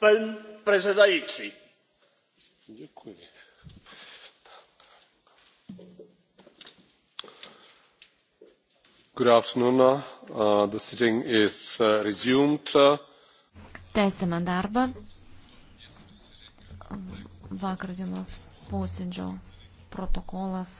pan predsedající uh, uh, tęsiame darbą vakar dienos posėdžio protokolas